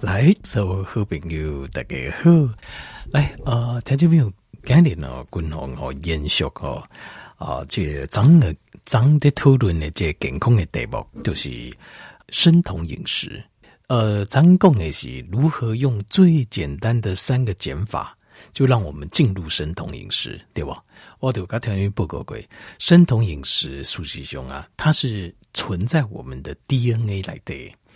來，所有好朋友大家好，來啊，聽眾朋友今日呢，軍紅和延旭嗬，啊，即係今日，今日討論呢，即係健康嘅題目就是生酮飲食。呃，咱講的是如何用最簡單的三個減法，就讓我們進入生酮飲食，對吧？我哋而家條線報告過，生酮飲食，蘇師兄啊，它是存在我們的 DNA 來的。